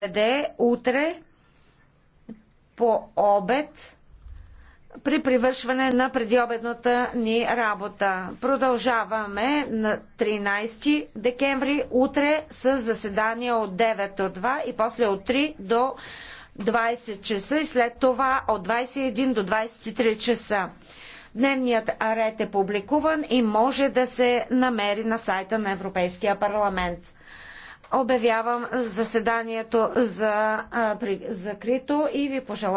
проведе е утре по обед при привършване на предиобедната ни работа. Продължаваме на 13 декември утре с заседание от 9 до 2 и после от 3 до 20 часа и след това от 21 до 23 часа. Дневният ред е публикуван и може да се намери на сайта на Европейския парламент. Обявявам заседанието за закрито и ви пожелавам